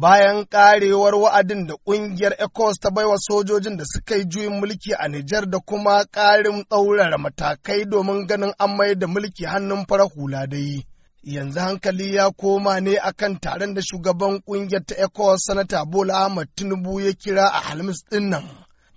bayan karewar wa'adin da ƙungiyar ECOWAS ta baiwa sojojin da suka yi juyin mulki a Nijar da kuma ƙarin tsaurara matakai domin ganin an mai da mulki hannun fara hula dai. Yanzu hankali ya koma ne akan taron da shugaban ƙungiyar ta ECOWAS sanata Bola Ahmed Tinubu ya kira a halmis ɗin nan.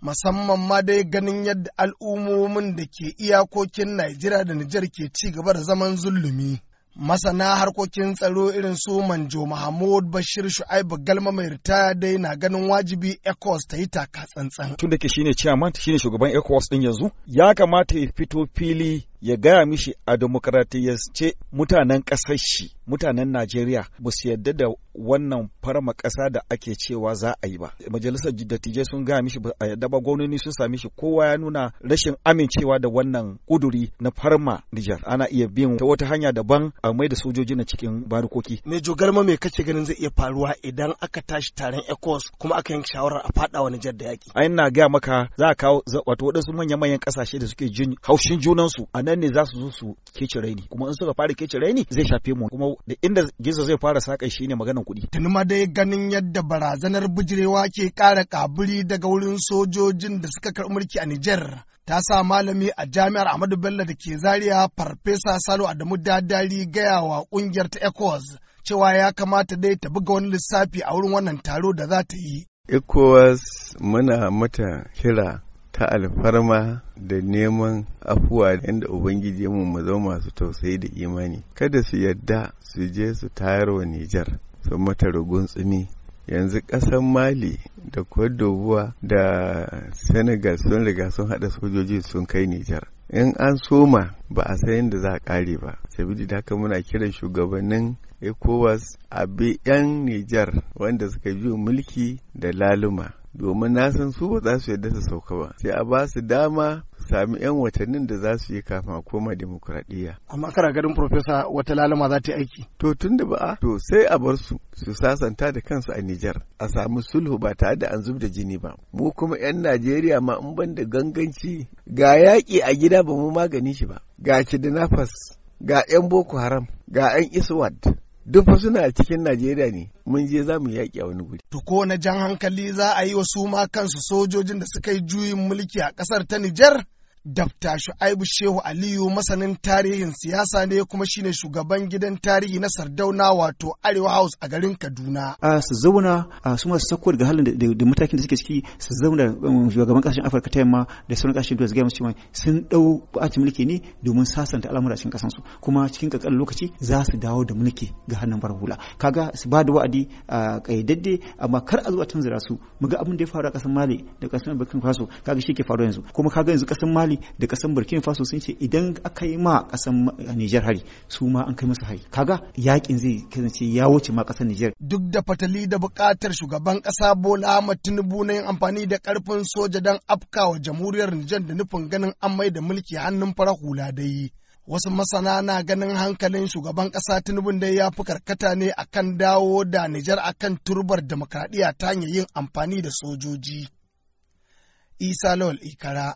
Musamman ma dai ganin yadda al'ummomin da ke iyakokin Najeriya da Nijar ke ci gaba da zaman zulumi. masana harkokin tsaro irin su manjo mahmud bashir shu'aibu galma mai ritaya dai na ganin wajibi ecos ta yi taka tsantsan tun da ke shine chairman shine shugaban ecos din yanzu ya kamata ya fito fili ya gaya mishi a ce mutanen ƙasar shi mutanen Najeriya ba su yadda da wannan farma kasa da ake cewa za a yi ba. Majalisar dattijai sun gaya mishi a yadda ba gwamnoni sun sami shi kowa ya nuna rashin amincewa da wannan kuduri na farma Nijar. Ana iya bin ta wata hanya daban a mai da sojoji na cikin barikoki. Me jogarma me kace ganin zai iya faruwa idan aka tashi taron ecos kuma aka yanke shawarar a faɗawa Nijar da yaki Ai ina gaya maka za a kawo wato wadansu manya-manyan ƙasashe da suke jin haushin junansu a nan ne za su zo su kece raini kuma in suka fara kece raini zai shafe mu kuma da inda gizo zai fara saka shi ne maganar kuɗi. Tuni ma dai ganin yadda barazanar bijirewa ke ƙara kaburi daga wurin sojojin da suka karɓi mulki a Nijar. Ta sa malami a jami'ar Ahmadu Bello da ke Zaria Farfesa Salo Adamu Dadari gaya wa ƙungiyar ta ecos cewa ya kamata dai ta buga wani lissafi a wurin wannan taro da za ta yi. ecos muna mata kira ta alfarma da neman afuwa inda ubangiji mu mu zama masu tausayi da imani kada su yadda su je su tayar wa nijar su mata rugun yanzu ƙasar mali da kwadobuwa da senegal sun riga sun haɗa sojoji sun kai nijar in an soma ba a san yadda za a ƙare ba sabidi da haka muna kiran shugabannin ecowas a bi 'yan nijar wanda suka biyo mulki da laluma domin na san su ba za su yadda su sauka ba sai a ba su dama sami 'yan watannin da za su yi kafin a koma demokuraɗiyya. amma kara garin profesa wata lalama za ta yi aiki to tun da ba a to sai a bar su su sasanta da kansu a Nijar a samu sulhu ba tare da an zub da jini ba mu kuma 'yan Najeriya ma in ban da ganganci ga yaƙi a gida ba mu magani shi ba ga kidnappers ga 'yan Boko Haram ga 'yan Iswad duk fa suna cikin Najeriya ne mun je za mu yaƙi a wani guri. To ko na jan hankali za a yi wasu ma kansu sojojin da suka yi juyin mulki a ƙasar ta Nijar? Dabta Shu'aibu Shehu Aliyu masanin tarihin siyasa ne kuma shine shugaban gidan tarihi na Sardauna wato Arewa House a garin Kaduna. A su zauna a su masu sako daga halin da matakin da suke ciki su zauna um, shugaban kasashen Afirka ta yamma da sauran kasashen duniya su gaya musu sun dau ba'atin mulki ne domin sasanta al'amura cikin kasan kuma cikin kankan lokaci za su dawo da mulki ga hannun barhula hula. Kaga su ba da wa'adi a kaidadde amma kar a zo a tanzura su mu ga abin da ya faru a ƙasar Mali da ƙasar Burkina Faso kaga shi ke faru yanzu kuma kaga yanzu ƙasar Mali mali da kasan burkina faso sun ce idan aka yi ma kasan niger hari su ma an kai musu hari kaga yakin zai kasance ya wuce ma kasar nijar duk da fatali da bukatar shugaban kasa bola ahmad tinubu na yin amfani da karfin soja don afkawa jamhuriyar nijar da nufin ganin an mai da mulki hannun fara hula dai wasu masana na ganin hankalin shugaban ƙasa Tinubu da ya fi karkata ne akan dawo da Nijar akan turbar demokradiyya ta hanyar yin amfani da sojoji. Isa Lawal Ikara